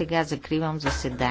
Сега закривам заседанието.